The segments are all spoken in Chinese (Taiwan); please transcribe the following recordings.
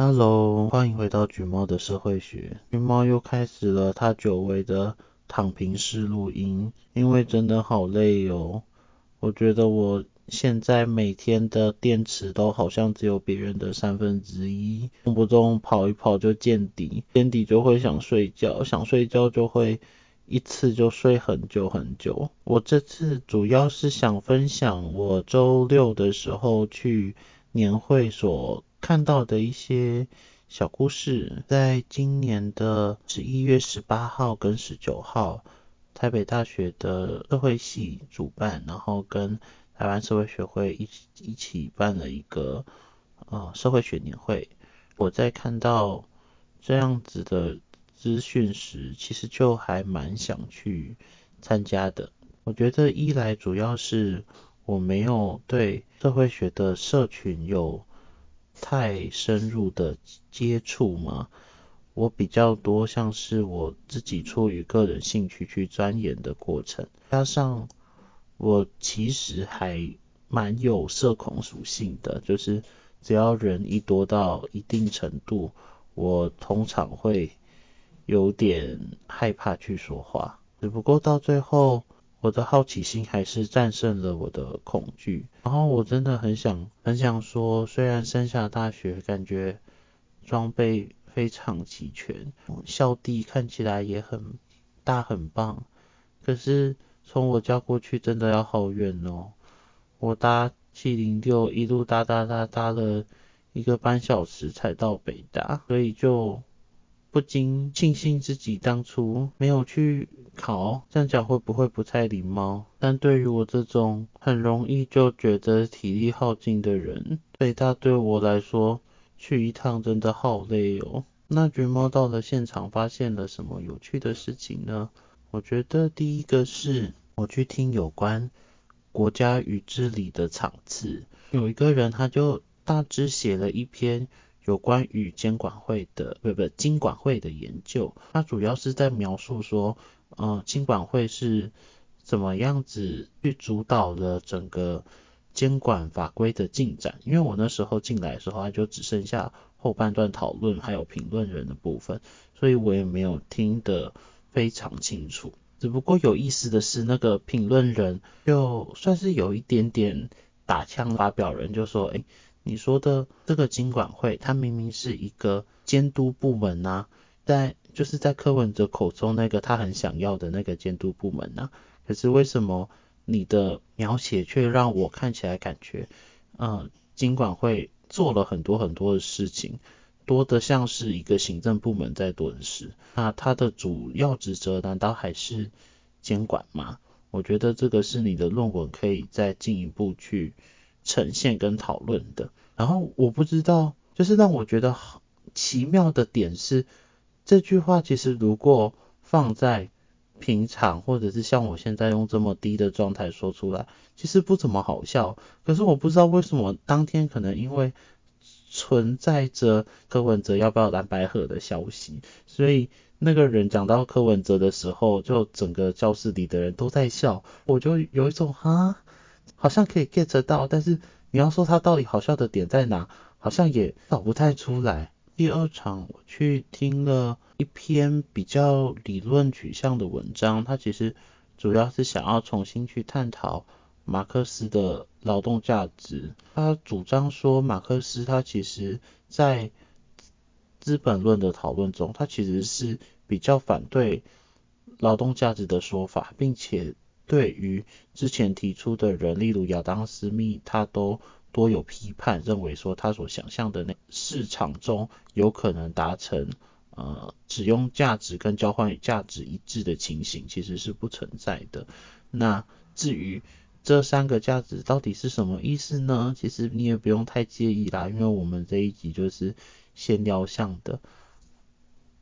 哈嘍，歡迎回到橘貓的社會學。橘貓又開始了他久違的躺平式錄音，因為真的好累哦。我覺得我現在每天的電池都好像只有別人的三分之一，動不動跑一跑就見底，見底就會想睡覺，想睡覺就會一次就睡很久很久。我這次主要是想分享我周六的時候去年會所。看到的一些小故事，在今年的十一月十八號跟十九號，台北大學的社會系主辦，然後跟台灣社會學會一起一起辦了一個呃社會學年會。我在看到這樣子的資訊時，其實就還蠻想去參加的。我覺得一來主要是我沒有對社會學的社群有太深入的接觸嗎。我比較多像是我自己出於個人興趣去鑽研的過程，加上我其實還蠻有社恐屬性的，就是只要人一多到一定程度，我通常會有點害怕去說話，只不過到最後。我的好奇心還是戰勝了我的恐懼，然後我真的很想，很想說，雖然三峽大學感覺裝備非常齊全，校地看起來也很大很棒，可是從我家過去真的要好遠哦、喔，我搭七零六一路搭搭，搭搭搭搭了一個半小時才到北大，所以就。不禁慶幸自己當初沒有去考，這樣講會不會不太禮貌？但對於我這種很容易就覺得體力耗盡的人，所以它對我來說去一趟真的好累哦。那橘貓到了現場，發現了什麼有趣的事情呢？我覺得第一個是，我去聽有關國家與治理的場次，有一個人他就大致寫了一篇。有關於監管會的，不不，金管會的研究，它主要是在描述說，呃，金管會是怎麼樣子去主導了整個監管法規的進展。因為我那時候進來的時候，它就只剩下後半段討論還有評論人的部分，所以我也沒有聽得非常清楚。只不過有意思的是，那個評論人就算是有一點點打槍，發表人就說，哎、欸。你說的這個金管會，它明明是一個監督部門啊，在就是在柯文哲口中那個他很想要的那個監督部門啊，可是為什麼你的描寫卻讓我看起來感覺，呃，金管會做了很多很多的事情，多得像是一個行政部門在做事，那它的主要職責難道還是監管嗎？我覺得這個是你的論文可以再進一步去呈現跟討論的，然後我不知道，就是讓我覺得好奇妙的點是，這句話其實如果放在平常或者是像我現在用這麼低的狀態說出來，其實不怎麼好笑。可是我不知道為什麼當天可能因為存在着柯文哲要不要藍白合的消息，所以那個人講到柯文哲的時候，就整個教室裡的人都在笑，我就有一種哈。好像可以 get 到，但是你要說他到底好笑的點在哪，好像也找不太出來。第二場我去聽了一篇比較理論取向的文章，他其實主要是想要重新去探討馬克思的勞動價值。他主張說，馬克思他其實在《資本論》的討論中，他其實是比較反對勞動價值的說法，並且，對於之前提出的人，例如亞當斯密，他都多有批判，認為說他所想象的那市場中有可能達成呃使用價值跟交換價值一致的情形，其實是不存在的。那至於這三個價值到底是什麼意思呢？其實你也不用太介意啦，因為我們這一集就是閒聊向的，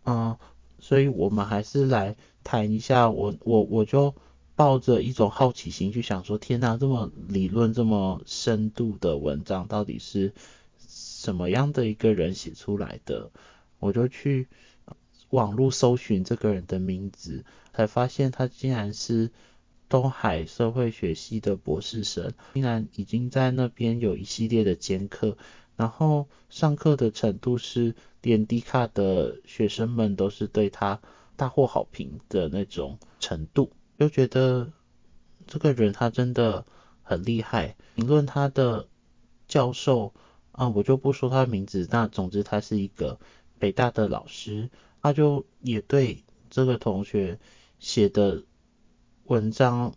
啊、呃、所以我們還是來談一下，我我我就。抱着一種好奇心去想說：“天哪，這麼理論、這麼深度的文章，到底是什麼樣的一個人寫出來的？”我就去網絡搜尋這個人的名字，才發現他竟然是東海社會學系的博士生，竟然已經在那邊有一系列的兼課，然後上課的程度是連迪卡的學生們都是對他大獲好評的那種程度。就覺得這個人他真的很厲害，評論他的教授啊，我就不說他的名字，那總之他是一個北大的老師，他就也對這個同學寫的文章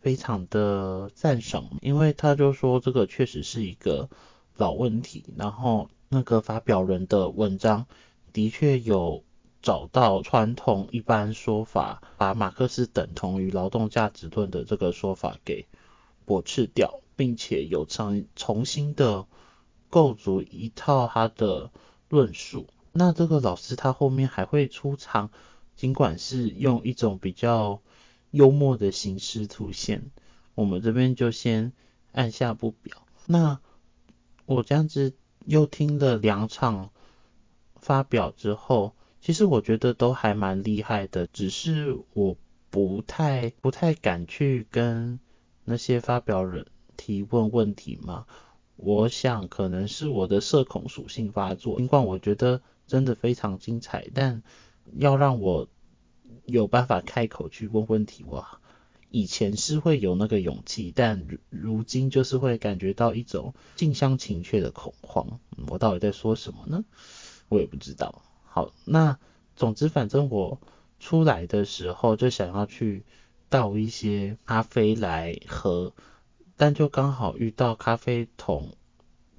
非常的讚賞，因為他就說這個確實是一個老問題，然後那個發表人的文章的確有。找到傳統一般說法，把馬克思等同於勞動價值論的這個說法給駁斥掉，並且有成，重新的構築一套他的論述。那這個老師他後面還會出場，儘管是用一種比較幽默的形式出現，我們這邊就先按下不表。那我這樣子又聽了兩場發表之後。其實我覺得都還蠻厲害的，只是我不太不太敢去跟那些發表人提問問題嘛。我想可能是我的社恐屬性發作。儘管我覺得真的非常精彩，但要讓我有辦法開口去問問題，哇，以前是會有那個勇氣，但如，如今就是會感覺到一種近鄉情怯的恐慌。我到底在說什麼呢？我也不知道。好，那總之，反正我出來的時候就想要去倒一些咖啡來喝，但就剛好遇到咖啡桶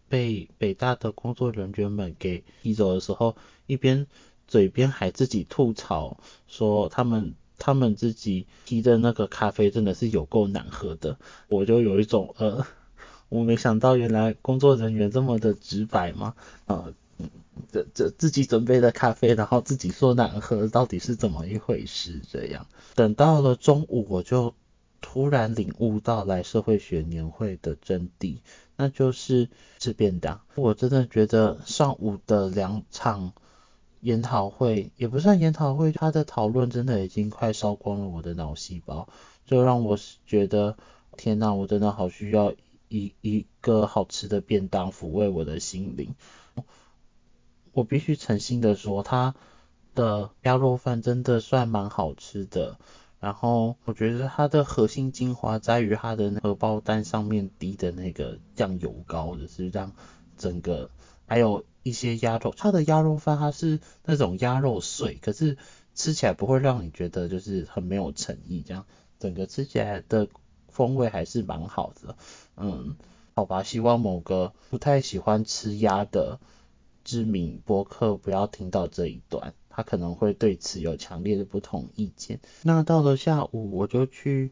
被北大的工作人員們給提走的時候，一邊嘴邊還自己吐槽說他們他們自己提的那個咖啡真的是有夠難喝的，我就有一種呃，我沒想到原來工作人員這麼的直白嗎？啊、呃。這這自己準備的咖啡，然後自己說難喝，到底是怎麼一回事？這樣，等到了中午，我就突然領悟到來社會學年會的真諦，那就是吃便當。我真的覺得上午的兩場研討會，也不算研討會，他的討論真的已經快燒光了我的腦細胞，就讓我覺得，天哪、啊，我真的好需要一一個好吃的便當撫慰我的心靈。我必須誠心的說，他的鴨肉飯真的算蠻好吃的。然後我覺得它的核心精華在於它的那個荷包蛋上面滴的那個醬油膏，就是讓整個還有一些鴨肉。它的鴨肉飯它是那種鴨肉碎，可是吃起來不會讓你覺得就是很沒有誠意，這樣整個吃起來的風味還是蠻好的。嗯，好吧，希望某個不太喜歡吃鴨的。知名播客不要聽到這一段，他可能會對此有強烈的不同意見。那到了下午，我就去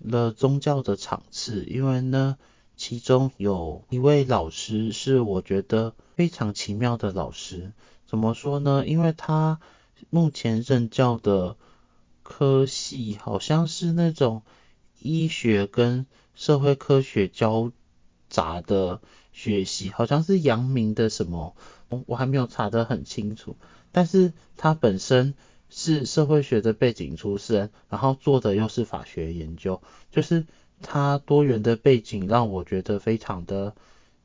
了宗教的場次，因為呢，其中有一位老師是我覺得非常奇妙的老師。怎麼說呢？因為他目前任教的科系好像是那種醫學跟社會科學交雜的。學習好像是陽明的什麼，我還沒有查得很清楚。但是他本身是社會學的背景出身，然後做的又是法學研究，就是他多元的背景讓我覺得非常的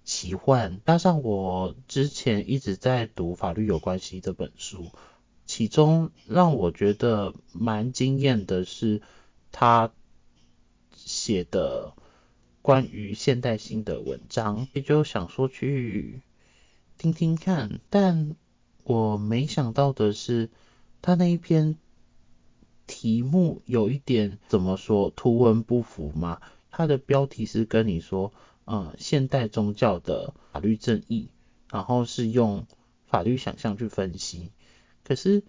奇幻。加上我之前一直在讀《法律有關係》這本書，其中讓我覺得蠻驚豔的是他寫的。關於現代性的文章，也就想說去聽聽看，但我沒想到的是，他那一篇題目有一點怎麼說，圖文不符嘛？他的標題是跟你說，呃、嗯，現代宗教的法律正義，然後是用法律想象去分析，可是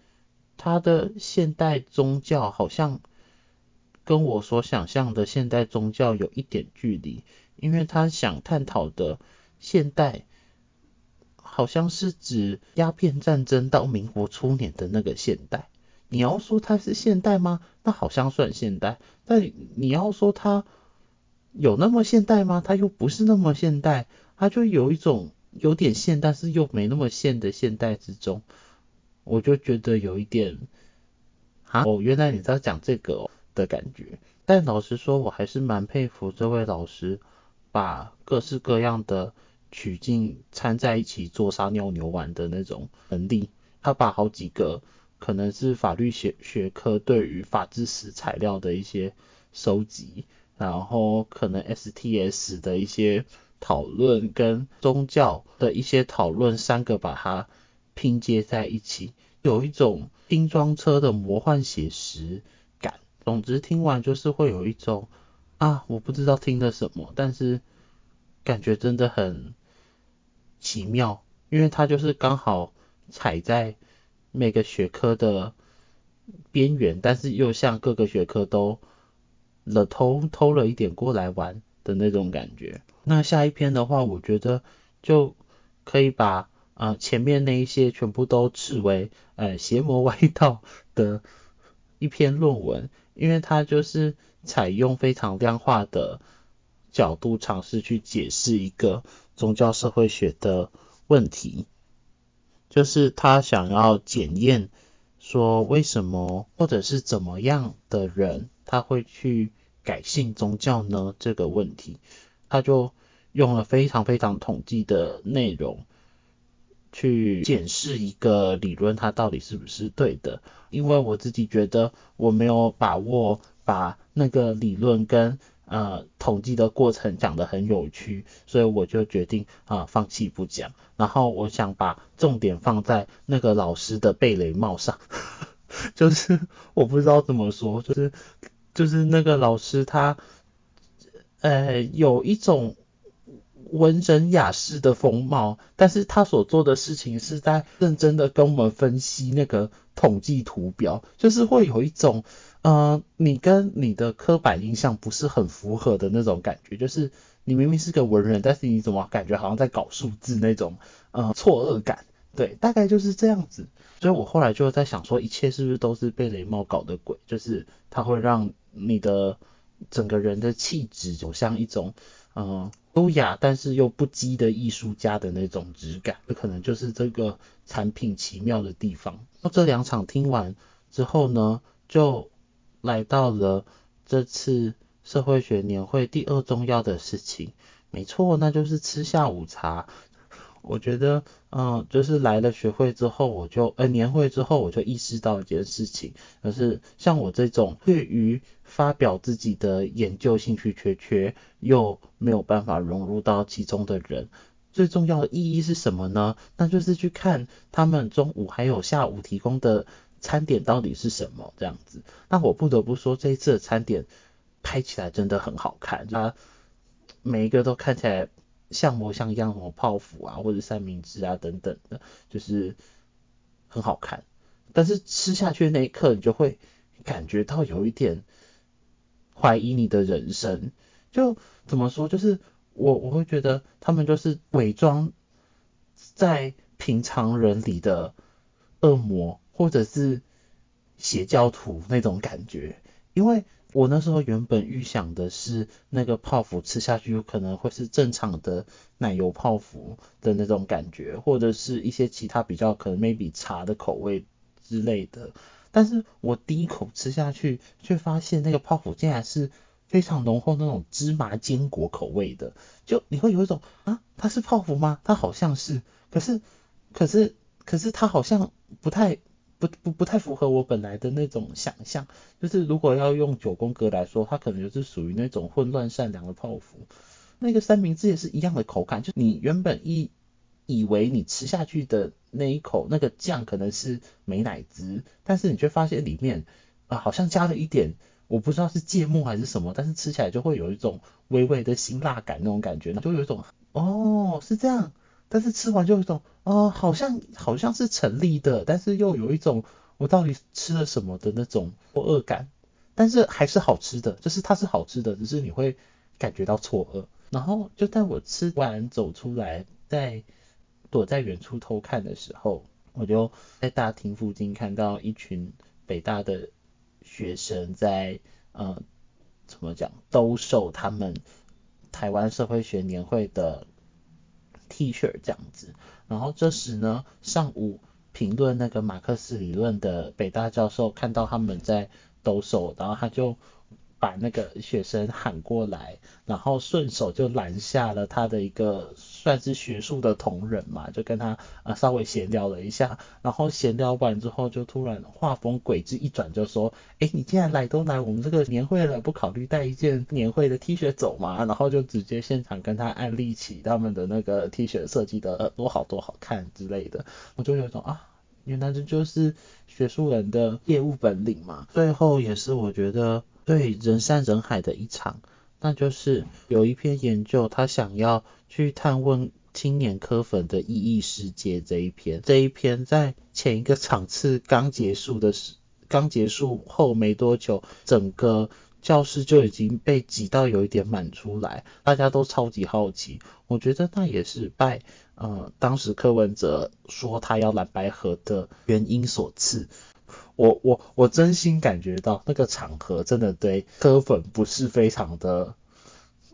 他的現代宗教好像。跟我所想象的現代宗教有一點距離，因為他想探討的現代，好像是指鴉片戰爭到民國初年的那個現代。你要說它是現代嗎？那好像算現代。但你要說它有那麼現代嗎？它又不是那麼現代，它就有一種有點現，但是又沒那麼現的現代之中。我就覺得有一點啊，哦，原來你在講這個哦。的感覺，但老實說，我還是蠻佩服這位老師把各式各樣的取徑摻在一起做撒尿牛丸的那種能力。他把好幾個可能是法律學學科對於法制史材料的一些收集，然後可能 STS 的一些討論跟宗教的一些討論，三個把它拼接在一起，有一種拼裝車的魔幻寫實。總之，聽完就是會有一種啊，我不知道聽了什麼，但是感覺真的很奇妙，因為它就是剛好踩在每個學科的邊緣，但是又像各個學科都了偷偷了一點過來玩的那種感覺。那下一篇的話，我覺得就可以把啊、呃、前面那一些全部都斥為呃邪魔歪道的一篇論文。因為他就是採用非常量化的角度嘗試去解釋一個宗教社會學的問題，就是他想要檢驗說為什麼或者是怎麼樣的人他會去改信宗教呢？這個問題，他就用了非常非常統計的內容。去檢視一個理論，它到底是不是對的？因為我自己覺得我沒有把握把那個理論跟呃統計的過程講得很有趣，所以我就決定啊、呃、放棄不講。然後我想把重點放在那個老師的貝雷帽上，就是我不知道怎麼說，就是就是那個老師他呃、欸、有一種。文人雅士的風貌，但是他所做的事情是在認真的跟我們分析那個統計圖表，就是會有一種，嗯、呃，你跟你的刻板印象不是很符合的那種感覺，就是你明明是個文人，但是你怎麼感覺好像在搞數字那種，嗯、呃，錯愕感，對，大概就是這樣子。所以我後來就在想說，一切是不是都是貝雷帽搞的鬼？就是它會讓你的整個人的氣質走向一種，嗯、呃。優雅，但是又不羈的藝術家的那種質感，這可能就是這個產品奇妙的地方。那這兩場聽完之後呢，就來到了這次社會學年會第二重要的事情，沒錯，那就是吃下午茶。我覺得，嗯、呃，就是來了學會之後，我就呃年會之後，我就意識到一件事情，就是像我這種對於發表自己的研究興趣缺缺，又沒有辦法融入到其中的人，最重要的意義是什麼呢？那就是去看他們中午還有下午提供的餐點到底是什麼這樣子。那我不得不說，這一次的餐點拍起來真的很好看，它每一個都看起來。像模像樣的泡芙啊，或者三明治啊等等的，就是很好看。但是吃下去的那一刻，你就會感覺到有一點懷疑你的人生。就怎麼說，就是我我會覺得他們就是偽裝在平常人裡的惡魔，或者是邪教徒那種感覺，因為。我那時候原本預想的是，那個泡芙吃下去有可能會是正常的奶油泡芙的那種感覺，或者是一些其他比較可能 maybe 茶的口味之類的。但是我第一口吃下去，卻發現那個泡芙竟然是非常濃厚那種芝麻堅果口味的，就你會有一種啊，它是泡芙嗎？它好像是，可是，可是，可是它好像不太。不不不太符合我本來的那種想象，就是如果要用九宮格來說，它可能就是屬於那種混亂善良的泡芙。那個三明治也是一樣的口感，就你原本一以，以為你吃下去的那一口那個醬可能是美乃滋，但是你卻發現裡面啊好像加了一點，我不知道是芥末還是什麼，但是吃起來就會有一種微微的辛辣感那種感覺，那就有一種哦是這樣。但是吃完就有一種哦，好像好像是成立的，但是又有一種我到底吃了什麼的那種錯愕感。但是還是好吃的，就是它是好吃的，只是你會感覺到錯愕。然後就在我吃完走出來，在躲在遠處偷看的時候，我就在大廳附近看到一群北大的學生在呃，怎麼講兜售他們台灣社會學年會的。T 恤這樣子，然後這時呢，上午評論那個馬克思理論的北大教授看到他們在兜售，然後他就，把那個學生喊過來，然後順手就攔下了他的一個算是學術的同仁嘛，就跟他呃稍微閒聊了一下，然後閒聊完之後，就突然畫風詭異一轉，就說：“誒，你既然來都來我們這個年會了，不考慮帶一件年會的 T 恤走嗎？”然後就直接現場跟他安利起他們的那個 T 恤設計的多好，多好看之類的。我就有一種啊，原來這就是學術人的業務本領嘛。最後也是我覺得。對，人山人海的一場，那就是有一篇研究，他想要去探問青年柯粉的意義世界這一篇，這一篇在前一個場次剛結束的時，剛結束後沒多久，整個教室就已經被擠到有一點滿出來，大家都超級好奇，我覺得那也是拜呃當時柯文哲說他要藍白合的原因所賜。我我我真心感覺到那個場合真的對柯粉不是非常的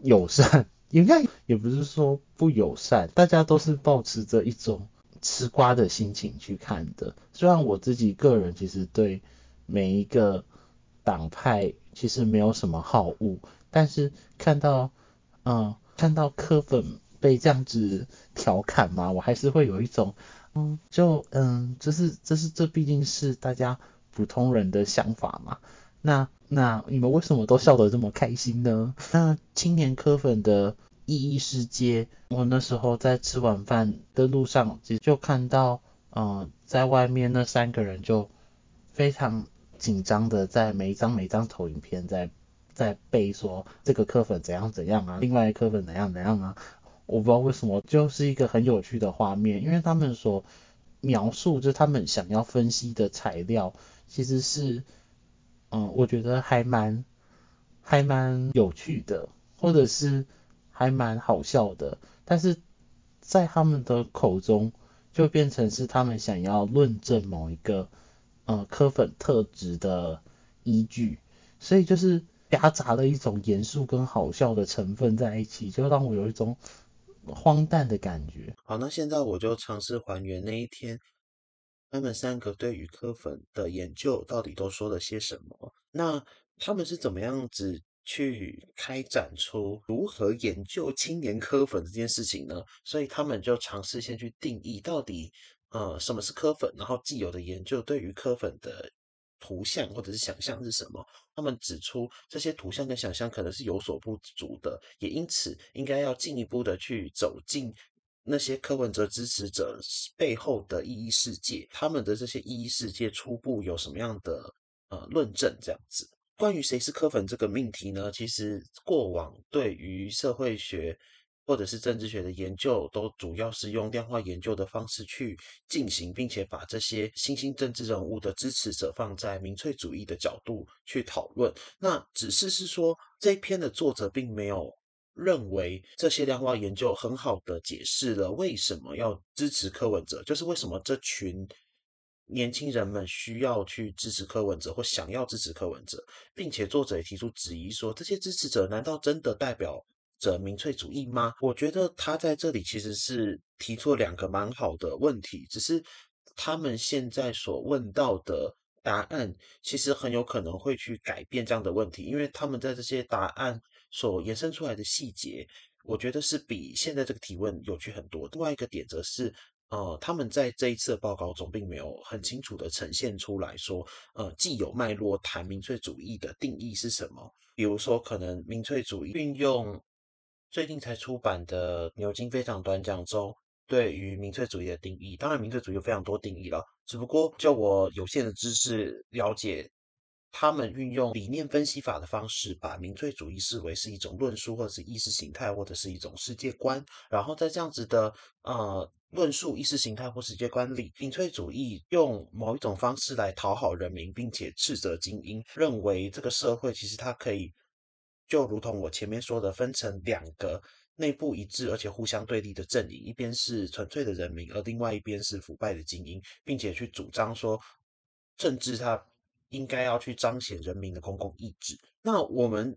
友善，應該也不是說不友善，大家都是抱持着一種吃瓜的心情去看的。雖然我自己個人其實對每一個黨派其實沒有什麼好惡，但是看到嗯、呃、看到柯粉被這樣子調侃嘛，我還是會有一種。就嗯，這是這是這畢竟是大家普通人的想法嘛。那那你們為什麼都笑得這麼開心呢？那青年科粉的意義世界，我那時候在吃晚飯的路上，就，其實就看到嗯、呃，在外面那三個人就非常緊張的在每一張每一張投影片在在背說，這個科粉怎樣怎樣啊，另外一科粉怎樣怎樣啊。我不知道為什麼，就是一個很有趣的畫面，因為他們所描述就是他們想要分析的材料，其實是，嗯、呃，我覺得還蠻還蠻有趣的，或者是還蠻好笑的，但是在他們的口中就變成是他們想要論證某一個呃柯粉特質的依據，所以就是夾雜了一種嚴肅跟好笑的成分在一起，就讓我有一種。荒誕的感覺。好，那現在我就嘗試還原那一天，他們三個對於柯粉的研究到底都說了些什麼？那他們是怎麼樣子去開展出如何研究青年柯粉這件事情呢？所以他們就嘗試先去定義到底，呃，什麼是柯粉？然後既有的研究對於柯粉的。圖像或者是想象是什麼？他們指出這些圖像跟想象可能是有所不足的，也因此應該要進一步的去走進那些柯文哲支持者背後的意義世界，他們的這些意義世界初步有什麼樣的呃論證？這樣子，關於誰是柯粉這個命題呢？其實過往對於社會學。或者是政治學的研究，都主要是用量化研究的方式去進行，並且把這些新興政治人物的支持者放在民粹主義的角度去討論。那只是是說，這一篇的作者並沒有認為這些量化研究很好的解釋了為什麼要支持柯文哲，就是為什麼這群年輕人們需要去支持柯文哲或想要支持柯文哲，並且作者也提出質疑說，這些支持者難道真的代表？者民粹主義嗎？我覺得他在這裡其實是提出了兩個蠻好的問題，只是他們現在所問到的答案，其實很有可能會去改變這樣的問題，因為他們在這些答案所延伸出來的細節，我覺得是比現在這個提問有趣很多的。另外一個點則是，呃，他們在這一次的報告中，並沒有很清楚地呈現出來，說，呃，既有脈絡談民粹主義的定義是什麼，比如說可能民粹主義運用。最近才出版的《牛津非常短講》中，對於民粹主義的定義，當然民粹主義有非常多定義了。只不過就我有限的知識了解，他們運用理念分析法的方式，把民粹主義視為是一種論述，或者是意識形態，或者是一種世界觀。然後在這樣子的，呃，論述、意識形態或世界觀裡，民粹主義用某一種方式來討好人民，並且斥責精英，認為這個社會其實它可以。就如同我前面說的，分成兩個內部一致而且互相對立的陣營，一邊是純粹的人民，而另外一邊是腐敗的精英，並且去主張說政治它應該要去彰顯人民的公共意志。那我們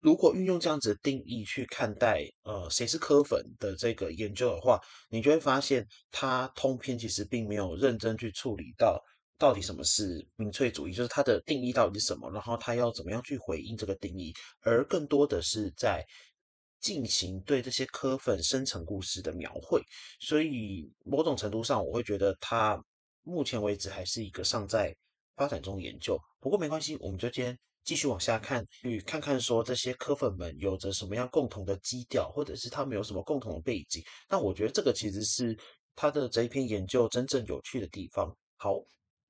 如果運用這樣子的定義去看待，呃，誰是柯粉的這個研究的話，你就會發現他通篇其實並沒有認真去處理到。到底什麼是民粹主義？就是它的定義到底是什麼？然後他要怎麼樣去回應這個定義？而更多的是在進行對這些柯粉深層故事的描繪。所以某種程度上，我會覺得他目前為止還是一個尚在發展中研究。不過沒關係，我們就先繼續往下看，去看看說這些柯粉們有着什麼樣共同的基調，或者是他們有什麼共同的背景。那我覺得這個其實是他的這一篇研究真正有趣的地方。好。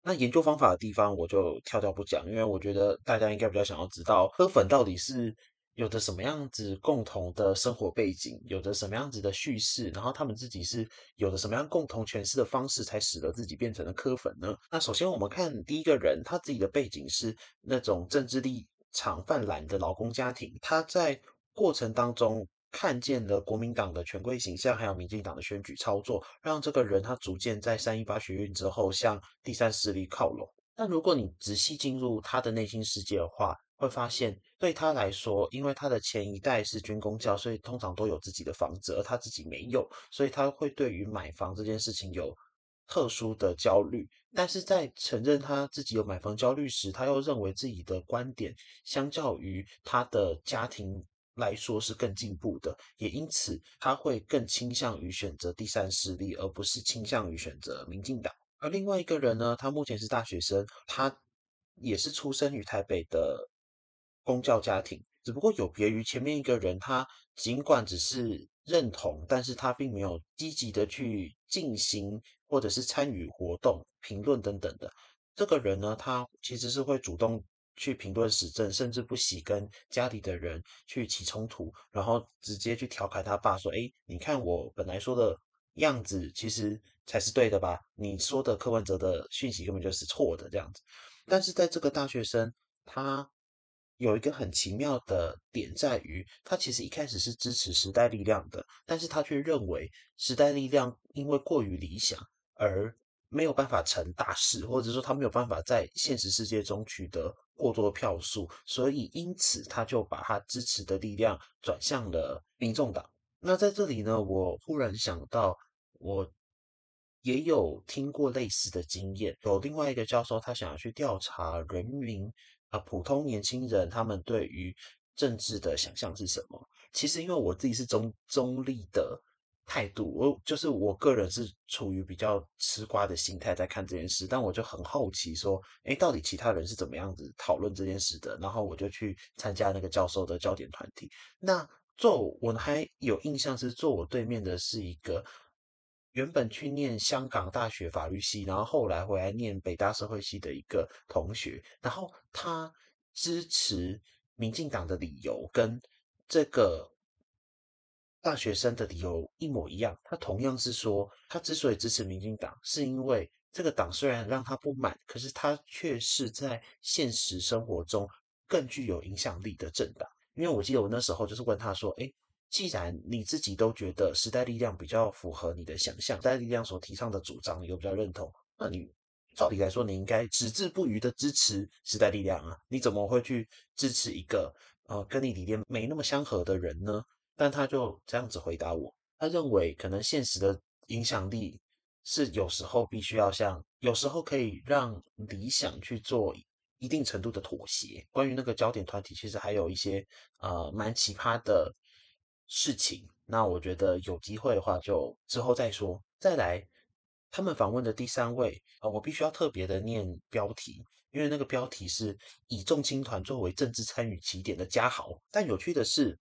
那研究方法的地方我就跳掉不講，因為我覺得大家應該比較想要知道柯粉到底是有着什麼樣子共同的生活背景，有着什麼樣子的敘事，然後他們自己是有着什麼樣共同詮釋的方式，才使得自己變成了柯粉呢？那首先我們看第一個人，他自己的背景是那種政治立場泛藍的勞工家庭，他在過程當中。看見了國民黨的權貴形象，還有民進黨的選舉操作，讓這個人他逐漸在三一八學運之後向第三勢力靠攏。但如果你仔細進入他的內心世界的話，會發現對他來說，因為他的前一代是軍公教，所以通常都有自己的房子，而他自己沒有，所以他會對於買房這件事情有特殊的焦慮。但是在承認他自己有買房焦慮時，他又認為自己的觀點相較於他的家庭。來說是更進步的，也因此他會更傾向於選擇第三勢力，而不是傾向於選擇民進黨。而另外一個人呢，他目前是大學生，他也是出生於台北的公教家庭，只不過有別於前面一個人，他儘管只是認同，但是他並沒有積極的去進行或者是參與活動、評論等等的。這個人呢，他其實是會主動。去評論時政，甚至不惜跟家裡的人去起衝突，然後直接去調侃他爸說：“哎，你看我本來說的樣子，其實才是對的吧？你說的柯文哲的訊息根本就是錯的。”這樣子。但是在這個大學生，他有一個很奇妙的點，在於他其實一開始是支持時代力量的，但是他卻認為時代力量因為過於理想，而沒有辦法成大事，或者說他沒有辦法在現實世界中取得。過多的票數，所以因此他就把他支持的力量轉向了民眾黨。那在這裡呢，我忽然想到，我也有聽過類似的經驗，有另外一個教授他想要去調查人民啊，普通年輕人他們對於政治的想象是什麼。其實因為我自己是中中立的。態度，我就是我個人是處於比較吃瓜的心態在看這件事，但我就很好奇說，哎、欸，到底其他人是怎麼樣子討論這件事的？然後我就去參加那個教授的焦點團體。那坐我，我還有印象是坐我對面的是一個原本去念香港大學法律系，然後後來回來念北大社會系的一個同學，然後他支持民進黨的理由跟這個。大學生的理由一模一樣，他同樣是說，他之所以支持民進黨，是因為這個黨雖然讓他不滿，可是他卻是在現實生活中更具有影響力的政黨，因為我記得我那時候就是問他說：“哎、欸，既然你自己都覺得時代力量比較符合你的想象，時代力量所提倡的主張你又比較認同，那你照理來說你應該矢志不渝的支持時代力量啊？你怎麼會去支持一個呃跟你理念沒那麼相合的人呢？”但他就這樣子回答我，他認為可能現實的影響力是有時候必須要像，有時候可以讓理想去做一定程度的妥協。關於那個焦點團體，其實還有一些呃蠻奇葩的事情。那我覺得有機會的話，就之後再說。再來，他們訪問的第三位啊，我必須要特別的念標題，因為那個標題是以眾青團作為政治參與起點的家豪。但有趣的是。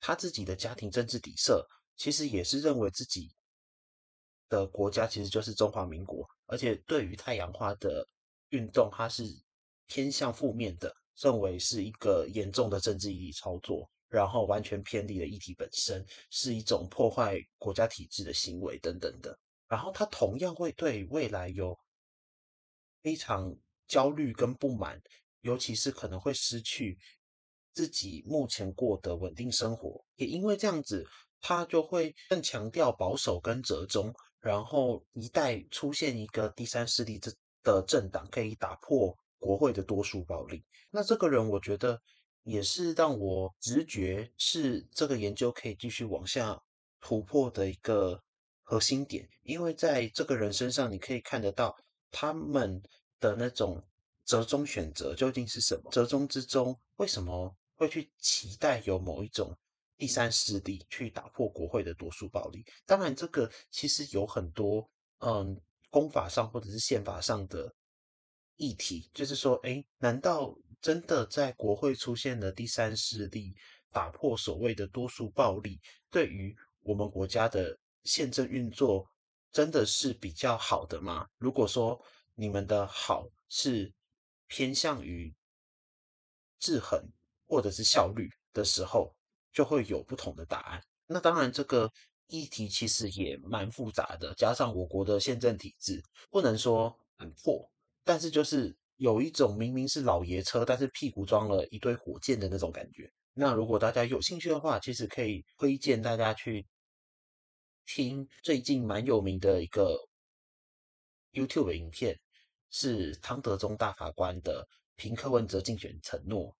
他自己的家庭政治底色，其實也是認為自己的國家其實就是中華民國，而且對於太陽花的運動，他是偏向負面的，認為是一個嚴重的政治議題操作，然後完全偏離了議題本身，是一種破壞國家體制的行為等等的。然後他同樣會對未來有非常焦慮跟不滿，尤其是可能會失去，自己目前過的穩定生活，也因為這樣子，他就會更強調保守跟折中。然後，一旦出現一個第三勢力這的政黨，可以打破國會的多數暴力，那這個人我覺得也是讓我直覺是這個研究可以繼續往下突破的一個核心點，因為在這個人身上，你可以看得到他們的那種折中選擇究竟是什麼？折中之中，為什麼？會去期待有某一種第三勢力去打破國會的多數暴力，當然這個其實有很多，嗯，公法上或者是憲法上的議題，就是說，哎，難道真的在國會出現的第三勢力打破所謂的多數暴力，對於我們國家的憲政運作真的是比較好的嗎？如果說你們的好是偏向於制衡或者是效率的時候，就會有不同的答案。那當然，這個議題其實也蠻複雜的。加上我國的憲政體制，不能說很破，但是就是有一種明明是老爺車，但是屁股裝了一堆火箭的那種感覺。那如果大家有興趣的話，其實可以推薦大家去聽最近蠻有名的一個 YouTube 影片，是湯德宗大法官的“評柯文哲”競選承諾。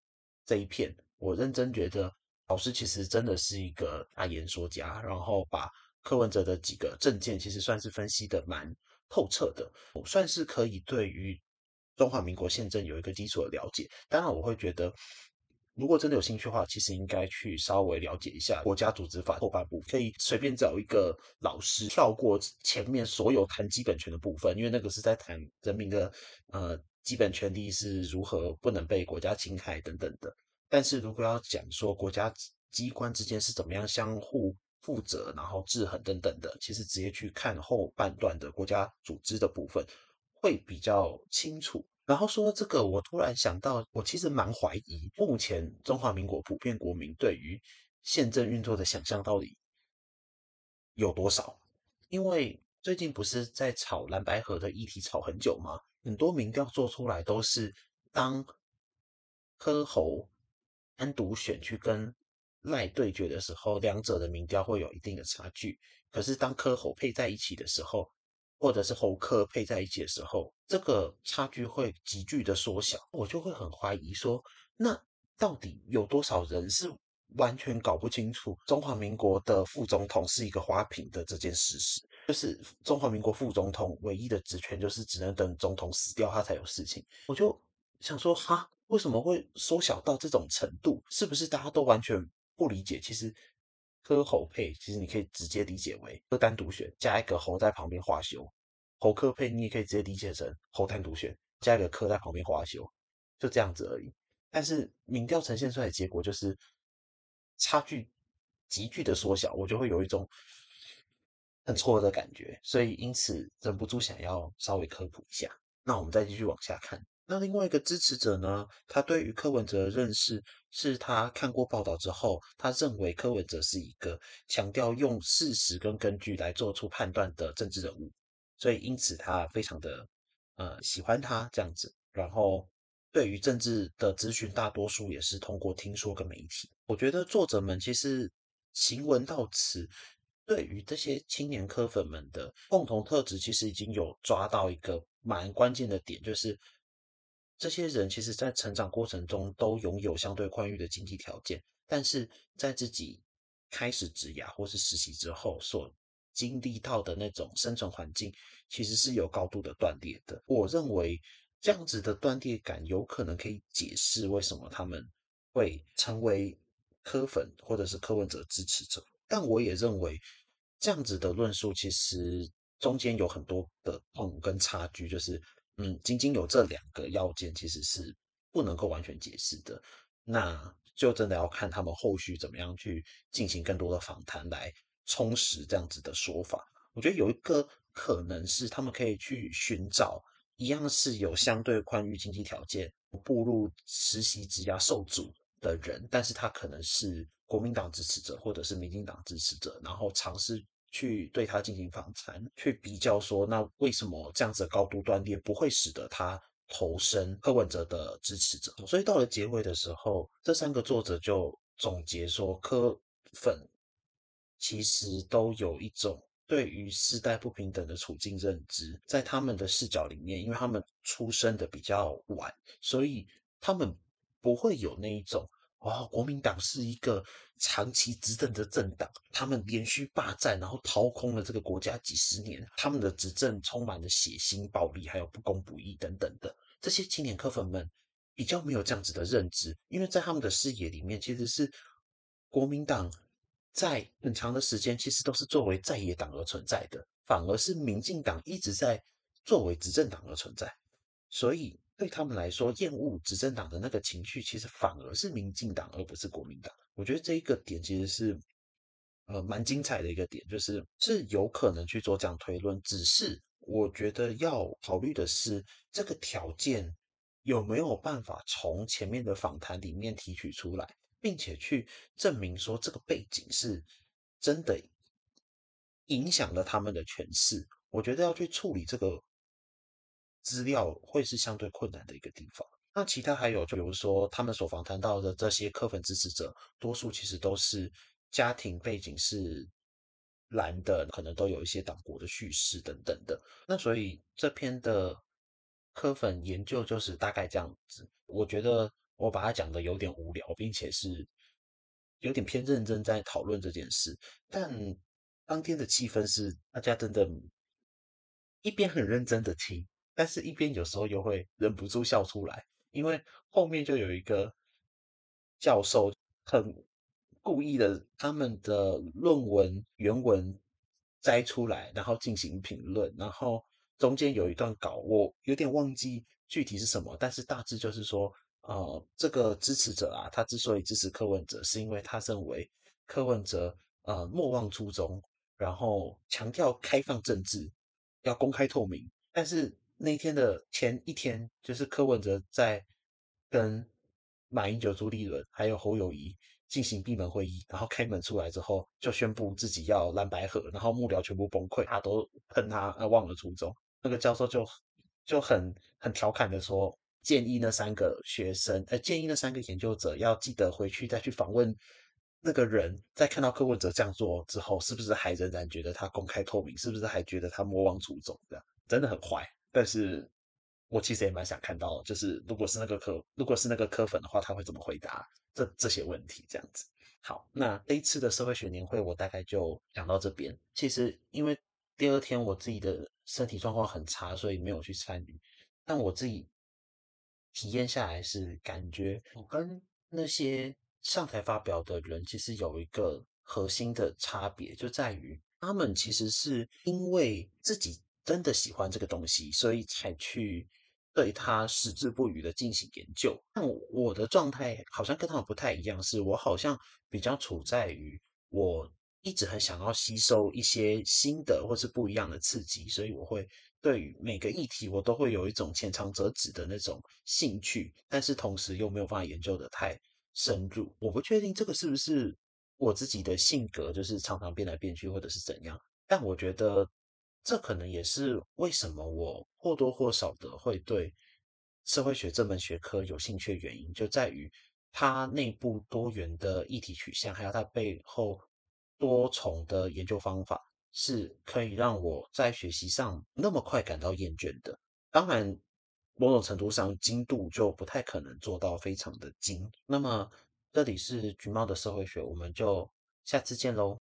這一片，我認真覺得老師其實真的是一個大演說家，然後把柯文哲的幾個政見其實算是分析的蠻透徹的，我算是可以對於中華民國憲政有一個基礎的了解。當然，我會覺得如果真的有興趣的話，其實應該去稍微了解一下《國家組織法》後半部，可以隨便找一個老師跳過前面所有談基本權的部分，因為那個是在談人民的呃。基本權利是如何不能被國家侵害等等的，但是如果要講說國家機關之間是怎麼樣相互負責、然後制衡等等的，其實直接去看後半段的國家組織的部分會比較清楚。然後說這個，我突然想到，我其實蠻懷疑目前中華民國普遍國民對於憲政運作的想象到底有多少，因為最近不是在炒藍白合的議題炒很久嗎？很多民調做出來都是，當柯侯單獨選去跟賴對決的時候，兩者的民調會有一定的差距。可是當柯侯配在一起的時候，或者是侯柯配在一起的時候，這個差距會急劇的縮小。我就會很懷疑說，那到底有多少人是完全搞不清楚中華民國的副總統是一個花瓶的這件事實？就是中華民國副總統唯一的職權，就是只能等總統死掉，他才有事情。我就想說，哈，為什麼會縮小到這種程度？是不是大家都完全不理解？其實柯侯配，其實你可以直接理解為柯單獨選加一個侯在旁邊化休，侯柯配，你也可以直接理解成侯單獨選加一個柯在旁邊化休，就這樣子而已。但是民調呈現出來的結果就是差距急劇的縮小，我就會有一種。很錯的感覺，所以因此忍不住想要稍微科普一下。那我們再繼續往下看。那另外一個支持者呢？他對於柯文哲的認識是他看過報道之後，他認為柯文哲是一個強調用事實跟根據來做出判斷的政治人物，所以因此他非常的呃喜歡他這樣子。然後對於政治的資訊大多數也是通過聽說跟媒體。我覺得作者們其實行文到此。對於這些青年柯粉們的共同特質，其實已經有抓到一個蠻關鍵的點，就是這些人其實在成長過程中都擁有相對寬裕的經濟條件，但是在自己開始職涯或是實習之後所經歷到的那種生存環境，其實是有高度的斷裂的。我認為這樣子的斷裂感，有可能可以解釋為什麼他們會成為柯粉或者是柯文哲支持者，但我也認為。這樣子的論述其實中間有很多的空、嗯、跟差距，就是嗯，僅僅有這兩個要件其實是不能夠完全解釋的。那就真的要看他們後續怎麼樣去進行更多的訪談來充實這樣子的說法。我覺得有一個可能是他們可以去尋找一樣是有相對寬裕經濟條件，步入實習職涯受阻的人，但是他可能是。國民黨支持者，或者是民進黨支持者，然後嘗試去對他進行訪談，去比較說，那為什麼這樣子的高度斷裂不會使得他投身柯文哲的支持者？所以到了結尾的時候，這三個作者就總結說，柯粉其實都有一種對於世代不平等的處境認知，在他們的視角裡面，因為他們出生的比較晚，所以他們不會有那一種。哇，國民黨是一個長期執政的政黨，他們連續霸占，然後掏空了這個國家幾十年。他們的執政充滿了血腥、暴力，還有不公不義等等的。這些青年柯粉們比較沒有這樣子的認知，因為在他們的視野裡面，其實是國民黨在很長的時間其實都是作為在野黨而存在的，反而是民進黨一直在作為執政黨而存在，所以。對他們來說，厭惡執政黨的那個情緒，其實反而是民進黨，而不是國民黨。我覺得這一個點其實是，呃，蠻精彩的一個點，就是是有可能去做這樣推論。只是我覺得要考慮的是，這個條件有沒有辦法從前面的訪談裡面提取出來，並且去證明說這個背景是真的影響了他們的詮釋。我覺得要去處理這個。資料會是相對困難的一個地方。那其他還有，就比如說他們所訪談到的這些柯粉支持者，多數其實都是家庭背景是藍的，可能都有一些黨國的敘事等等的。那所以這篇的柯粉研究就是大概這樣子。我覺得我把它講的有點無聊，並且是有點偏認真在討論這件事。但當天的氣氛是大家真的，一邊很認真的聽。但是，一邊有時候又會忍不住笑出來，因為後面就有一個教授很故意的，他們的論文原文摘出來，然後進行評論。然後中間有一段稿，我有點忘記具體是什麼，但是大致就是說，呃，這個支持者啊，他之所以支持柯文哲，是因為他認為柯文哲，呃，莫忘初衷，然後強調開放政治要公開透明，但是。那一天的前一天，就是柯文哲在跟馬英九、朱立倫還有侯友宜進行閉門會議，然後開門出來之後就宣布自己要藍白合，然後幕僚全部崩潰，他都噴他，呃，忘了初衷。那個教授就就很很調侃的說，建議那三個學生，呃，建議那三個研究者要記得回去再去訪問那個人，在看到柯文哲這樣做之後，是不是還仍然覺得他公開透明，是不是還覺得他莫忘初衷，這樣真的很壞。但是我其實也蠻想看到的，就是如果是那個柯，如果是那個柯粉的話，他會怎麼回答這這些問題？這樣子。好，那這一次的社會學年會，我大概就講到這邊。其實因為第二天我自己的身體狀況很差，所以沒有去參與。但我自己體驗下來是感覺，我跟那些上台發表的人其實有一個核心的差別，就在於他們其實是因為自己。真的喜歡這個東西，所以才去對他矢志不渝的進行研究。但我的狀態好像跟他們不太一樣，是我好像比較處在於我一直很想要吸收一些新的或是不一樣的刺激，所以我會對於每個議題我都會有一種淺嘗輒止的那種興趣，但是同時又沒有辦法研究得太深入。我不確定這個是不是我自己的性格，就是常常變來變去或者是怎樣，但我覺得。這可能也是為什麼我或多或少的會對社會學這門學科有興趣的原因，就在於它內部多元的議題取向，還有它背後多重的研究方法，是可以讓我在學習上那麼快感到厭倦的。當然，某種程度上精度就不太可能做到非常的精。那麼這裡是橘貓的社會學，我們就下次見嘍。